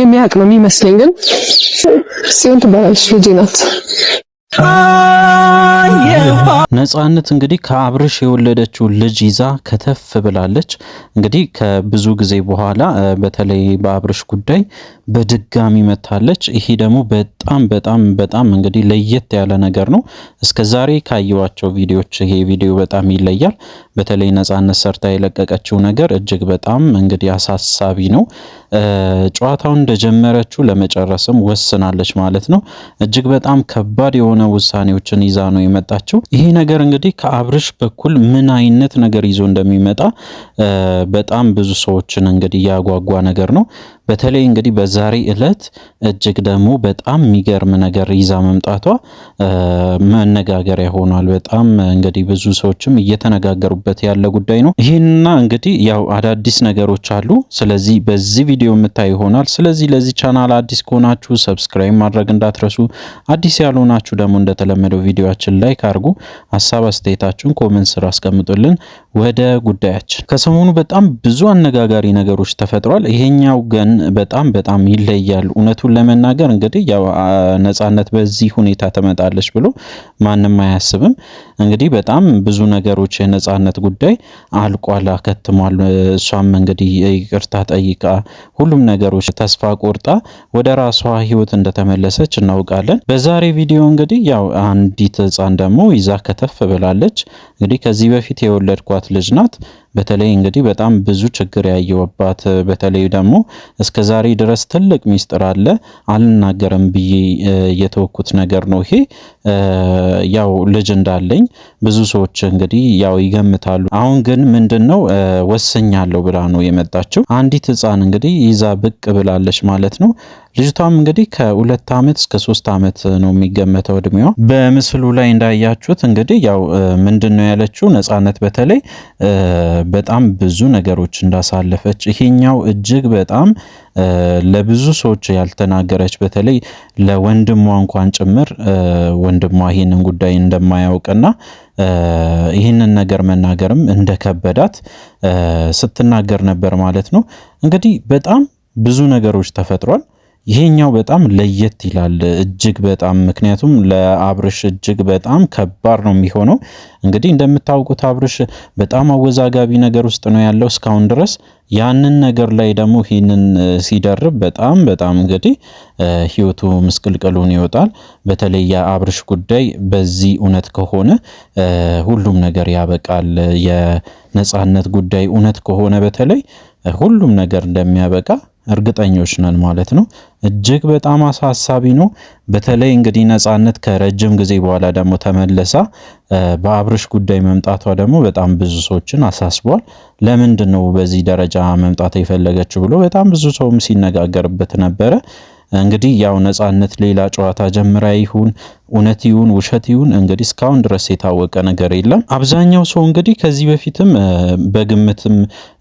የሚያውቅ ነው የሚመስለኝ ግን ጽዮን ትባላለች። ልጄ ናት። ነጻነት እንግዲህ ከአብርሽ የወለደችው ልጅ ይዛ ከተፍ ብላለች። እንግዲህ ከብዙ ጊዜ በኋላ በተለይ በአብርሽ ጉዳይ በድጋሚ መታለች። ይሄ ደግሞ በጣም በጣም በጣም እንግዲህ ለየት ያለ ነገር ነው። እስከ ዛሬ ካየዋቸው ቪዲዮዎች ይሄ ቪዲዮ በጣም ይለያል። በተለይ ነጻነት ሰርታ የለቀቀችው ነገር እጅግ በጣም እንግዲህ አሳሳቢ ነው። ጨዋታውን እንደጀመረችው ለመጨረስም ወስናለች ማለት ነው። እጅግ በጣም ከባድ የሆነ የሆነ ውሳኔዎችን ይዛ ነው የመጣችው። ይሄ ነገር እንግዲህ ከአብርሽ በኩል ምን አይነት ነገር ይዞ እንደሚመጣ በጣም ብዙ ሰዎችን እንግዲህ ያጓጓ ነገር ነው። በተለይ እንግዲህ በዛሬ ዕለት እጅግ ደግሞ በጣም የሚገርም ነገር ይዛ መምጣቷ መነጋገሪያ ሆኗል። በጣም እንግዲህ ብዙ ሰዎችም እየተነጋገሩበት ያለ ጉዳይ ነው። ይህና እንግዲህ ያው አዳዲስ ነገሮች አሉ። ስለዚህ በዚህ ቪዲዮ የምታይ ይሆናል። ስለዚህ ለዚህ ቻናል አዲስ ከሆናችሁ ሰብስክራይብ ማድረግ እንዳትረሱ። አዲስ ያልሆናችሁ ደግሞ ደግሞ እንደተለመደው ቪዲዮችን ላይክ አድርጉ። ሀሳብ አስተያየታችሁን ኮሜንት ስራ አስቀምጡልን። ወደ ጉዳያችን ከሰሞኑ በጣም ብዙ አነጋጋሪ ነገሮች ተፈጥሯል። ይሄኛው ግን በጣም በጣም ይለያል። እውነቱን ለመናገር እንግዲህ ያው ነጻነት በዚህ ሁኔታ ትመጣለች ብሎ ማንም አያስብም። እንግዲህ በጣም ብዙ ነገሮች የነጻነት ጉዳይ አልቋል፣ አከትሟል። እሷም እንግዲህ ይቅርታ ጠይቃ ሁሉም ነገሮች ተስፋ ቆርጣ ወደ ራሷ ህይወት እንደተመለሰች እናውቃለን። በዛሬ ቪዲዮ እንግዲህ ያው አንዲት ህፃን ደግሞ ይዛ ከተፍ ብላለች። እንግዲህ ከዚህ በፊት የወለድኳት ያላት ልጅ ናት። በተለይ እንግዲህ በጣም ብዙ ችግር ያየውባት በተለይ ደግሞ እስከ ዛሬ ድረስ ትልቅ ሚስጥር አለ አልናገርም ብዬ የተወኩት ነገር ነው። ይሄ ያው ልጅ እንዳለኝ ብዙ ሰዎች እንግዲህ ያው ይገምታሉ። አሁን ግን ምንድን ነው ወሰኛለሁ ብላ ነው የመጣችው። አንዲት ሕፃን እንግዲህ ይዛ ብቅ ብላለች ማለት ነው። ልጅቷም እንግዲህ ከሁለት ዓመት እስከ ሶስት ዓመት ነው የሚገመተው እድሜዋ። በምስሉ ላይ እንዳያችሁት እንግዲህ ያው ምንድን ነው ያለችው ነጻነት በተለይ በጣም ብዙ ነገሮች እንዳሳለፈች ይሄኛው እጅግ በጣም ለብዙ ሰዎች ያልተናገረች በተለይ ለወንድሟ እንኳን ጭምር ወንድሟ ይህንን ጉዳይ እንደማያውቅና ይህንን ነገር መናገርም እንደከበዳት ስትናገር ነበር ማለት ነው። እንግዲህ በጣም ብዙ ነገሮች ተፈጥሯል። ይሄኛው በጣም ለየት ይላል እጅግ በጣም ምክንያቱም ለአብርሽ እጅግ በጣም ከባድ ነው የሚሆነው። እንግዲህ እንደምታውቁት አብርሽ በጣም አወዛጋቢ ነገር ውስጥ ነው ያለው እስካሁን ድረስ ያንን ነገር ላይ ደግሞ ይህንን ሲደርብ በጣም በጣም እንግዲህ ህይወቱ ምስቅልቅሉን ይወጣል። በተለይ የአብርሽ ጉዳይ በዚህ እውነት ከሆነ ሁሉም ነገር ያበቃል። የነጻነት ጉዳይ እውነት ከሆነ በተለይ ሁሉም ነገር እንደሚያበቃ እርግጠኞች ነን ማለት ነው። እጅግ በጣም አሳሳቢ ነው። በተለይ እንግዲህ ነፃነት ከረጅም ጊዜ በኋላ ደግሞ ተመለሳ በአብርሽ ጉዳይ መምጣቷ ደግሞ በጣም ብዙ ሰዎችን አሳስቧል። ለምንድን ነው በዚህ ደረጃ መምጣት የፈለገችው ብሎ በጣም ብዙ ሰውም ሲነጋገርበት ነበረ። እንግዲህ ያው ነፃነት ሌላ ጨዋታ ጀምራ ይሁን እውነት ይሁን ውሸት ይሁን እንግዲህ እስካሁን ድረስ የታወቀ ነገር የለም። አብዛኛው ሰው እንግዲህ ከዚህ በፊትም በግምትም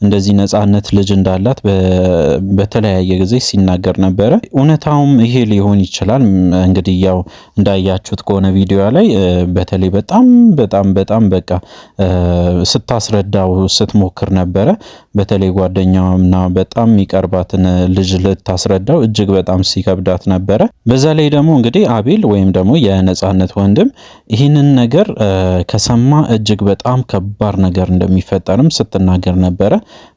እንደዚህ ነጻነት ልጅ እንዳላት በተለያየ ጊዜ ሲናገር ነበረ። እውነታውም ይሄ ሊሆን ይችላል። እንግዲህ ያው እንዳያችሁት ከሆነ ቪዲዮ ላይ በተለይ በጣም በጣም በጣም በቃ ስታስረዳው ስትሞክር ነበረ። በተለይ ጓደኛዋና በጣም የሚቀርባትን ልጅ ልታስረዳው እጅግ በጣም ሲከብዳት ነበረ። በዛ ላይ ደግሞ እንግዲህ አቤል ወይም ደግሞ ነጻነት ወንድም ይህንን ነገር ከሰማ እጅግ በጣም ከባድ ነገር እንደሚፈጠርም ስትናገር ነበረ።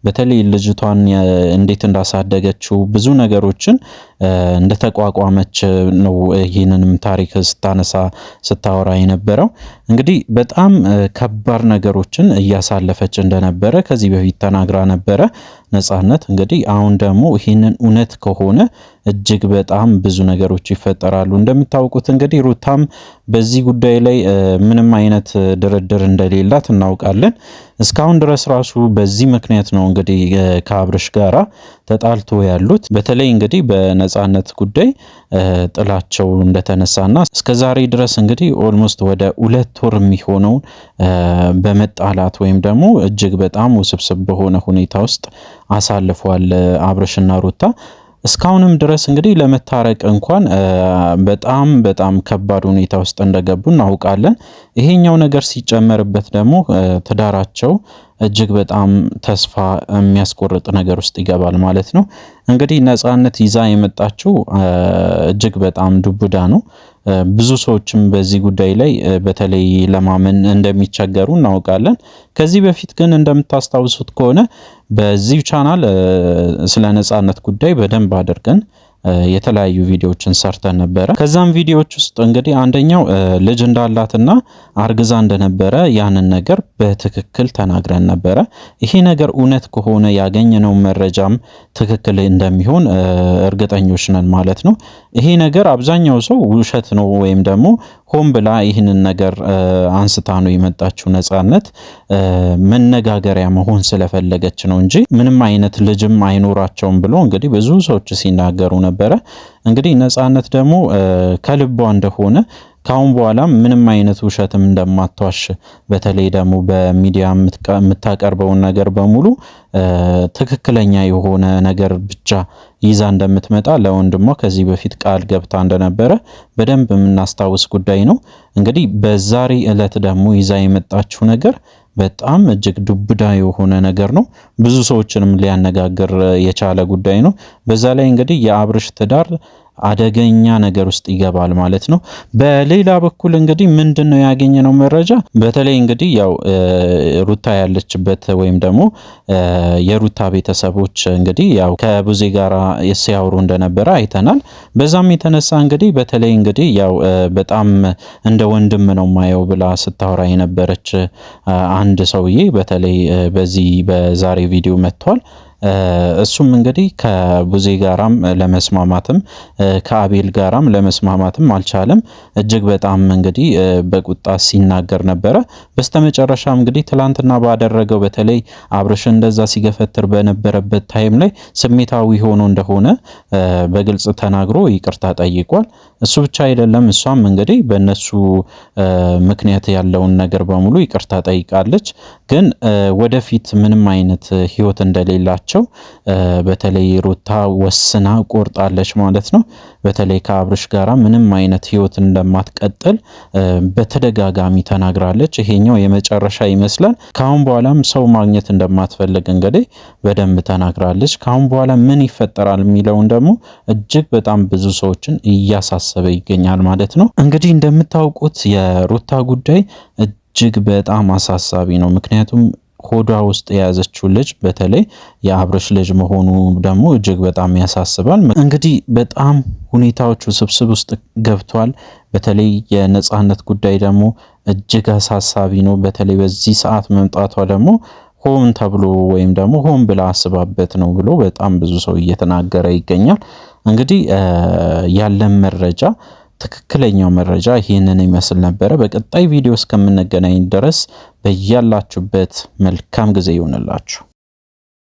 በተለይ ልጅቷን እንዴት እንዳሳደገችው ብዙ ነገሮችን እንደተቋቋመች ነው ይህንንም ታሪክ ስታነሳ ስታወራ የነበረው። እንግዲህ በጣም ከባድ ነገሮችን እያሳለፈች እንደነበረ ከዚህ በፊት ተናግራ ነበረ። ነጻነት እንግዲህ አሁን ደግሞ ይህንን እውነት ከሆነ እጅግ በጣም ብዙ ነገሮች ይፈጠራሉ። እንደምታውቁት እንግዲህ ሩታም በዚህ ጉዳይ ላይ ምንም አይነት ድርድር እንደሌላት እናውቃለን። እስካሁን ድረስ ራሱ በዚህ ምክንያት ነው እንግዲህ ከአብርሽ ጋራ ተጣልቶ ያሉት። በተለይ እንግዲህ በነፃነት ጉዳይ ጥላቸው እንደተነሳና እስከ ዛሬ ድረስ እንግዲህ ኦልሞስት ወደ ሁለት ወር የሚሆነውን በመጣላት ወይም ደግሞ እጅግ በጣም ውስብስብ በሆነ ሁኔታ ውስጥ አሳልፏል አብርሽና ሩታ። እስካሁንም ድረስ እንግዲህ ለመታረቅ እንኳን በጣም በጣም ከባድ ሁኔታ ውስጥ እንደገቡ እናውቃለን። ይሄኛው ነገር ሲጨመርበት ደግሞ ትዳራቸው እጅግ በጣም ተስፋ የሚያስቆርጥ ነገር ውስጥ ይገባል ማለት ነው። እንግዲህ ነፃነት ይዛ የመጣችው እጅግ በጣም ዱብዳ ነው። ብዙ ሰዎችም በዚህ ጉዳይ ላይ በተለይ ለማመን እንደሚቸገሩ እናውቃለን። ከዚህ በፊት ግን እንደምታስታውሱት ከሆነ በዚህ ቻናል ስለ ነጻነት ጉዳይ በደንብ አድርገን የተለያዩ ቪዲዮዎችን ሰርተን ነበረ። ከዛም ቪዲዮዎች ውስጥ እንግዲህ አንደኛው ልጅ እንዳላትና አርግዛ እንደነበረ ያንን ነገር በትክክል ተናግረን ነበረ። ይሄ ነገር እውነት ከሆነ ያገኘነው መረጃም ትክክል እንደሚሆን እርግጠኞች ነን ማለት ነው። ይሄ ነገር አብዛኛው ሰው ውሸት ነው ወይም ደግሞ ሆን ብላ ይህንን ነገር አንስታ ነው የመጣችው ነፃነት መነጋገሪያ መሆን ስለፈለገች ነው እንጂ ምንም አይነት ልጅም አይኖራቸውም ብሎ እንግዲህ ብዙ ሰዎች ሲናገሩ ነበረ። እንግዲህ ነፃነት ደግሞ ከልቧ እንደሆነ ከአሁን በኋላ ምንም አይነት ውሸትም እንደማትዋሽ በተለይ ደግሞ በሚዲያ የምታቀርበውን ነገር በሙሉ ትክክለኛ የሆነ ነገር ብቻ ይዛ እንደምትመጣ ለወንድሟ ከዚህ በፊት ቃል ገብታ እንደነበረ በደንብ የምናስታውስ ጉዳይ ነው። እንግዲህ በዛሬ ዕለት ደግሞ ይዛ የመጣችው ነገር በጣም እጅግ ዱብዳ የሆነ ነገር ነው። ብዙ ሰዎችንም ሊያነጋግር የቻለ ጉዳይ ነው። በዛ ላይ እንግዲህ የአብርሽ ትዳር አደገኛ ነገር ውስጥ ይገባል ማለት ነው። በሌላ በኩል እንግዲህ ምንድን ነው ያገኘነው መረጃ? በተለይ እንግዲህ ያው ሩታ ያለችበት ወይም ደግሞ የሩታ ቤተሰቦች እንግዲህ ያው ከቡዜ ጋር ሲያወሩ እንደነበረ አይተናል። በዛም የተነሳ እንግዲህ በተለይ እንግዲህ ያው በጣም እንደ ወንድም ነው ማየው ብላ ስታወራ የነበረች አንድ ሰውዬ በተለይ በዚህ በዛሬ ቪዲዮ መጥቷል። እሱም እንግዲህ ከቡዜ ጋራም ለመስማማትም ከአቤል ጋራም ለመስማማትም አልቻለም። እጅግ በጣም እንግዲህ በቁጣ ሲናገር ነበረ። በስተመጨረሻ እንግዲህ ትላንትና ባደረገው በተለይ አብርሽ እንደዛ ሲገፈትር በነበረበት ታይም ላይ ስሜታዊ ሆኖ እንደሆነ በግልጽ ተናግሮ ይቅርታ ጠይቋል። እሱ ብቻ አይደለም፣ እሷም እንግዲህ በእነሱ ምክንያት ያለውን ነገር በሙሉ ይቅርታ ጠይቃለች። ግን ወደፊት ምንም አይነት ህይወት እንደሌላቸው ናቸው። በተለይ ሩታ ወስና ቆርጣለች ማለት ነው። በተለይ ከአብርሽ ጋራ ምንም አይነት ህይወት እንደማትቀጥል በተደጋጋሚ ተናግራለች። ይሄኛው የመጨረሻ ይመስላል። ከአሁን በኋላም ሰው ማግኘት እንደማትፈልግ እንግዲህ በደንብ ተናግራለች። ከአሁን በኋላ ምን ይፈጠራል የሚለውን ደግሞ እጅግ በጣም ብዙ ሰዎችን እያሳሰበ ይገኛል ማለት ነው። እንግዲህ እንደምታውቁት የሩታ ጉዳይ እጅግ በጣም አሳሳቢ ነው። ምክንያቱም ሆዷ ውስጥ የያዘችው ልጅ በተለይ የአብርሽ ልጅ መሆኑ ደግሞ እጅግ በጣም ያሳስባል። እንግዲህ በጣም ሁኔታዎቹ ስብስብ ውስጥ ገብቷል። በተለይ የነጻነት ጉዳይ ደግሞ እጅግ አሳሳቢ ነው። በተለይ በዚህ ሰዓት መምጣቷ ደግሞ ሆን ተብሎ ወይም ደግሞ ሆን ብላ አስባበት ነው ብሎ በጣም ብዙ ሰው እየተናገረ ይገኛል። እንግዲህ ያለን መረጃ ትክክለኛው መረጃ ይህንን ይመስል ነበረ። በቀጣይ ቪዲዮ እስከምንገናኝ ድረስ በያላችሁበት መልካም ጊዜ ይሆንላችሁ።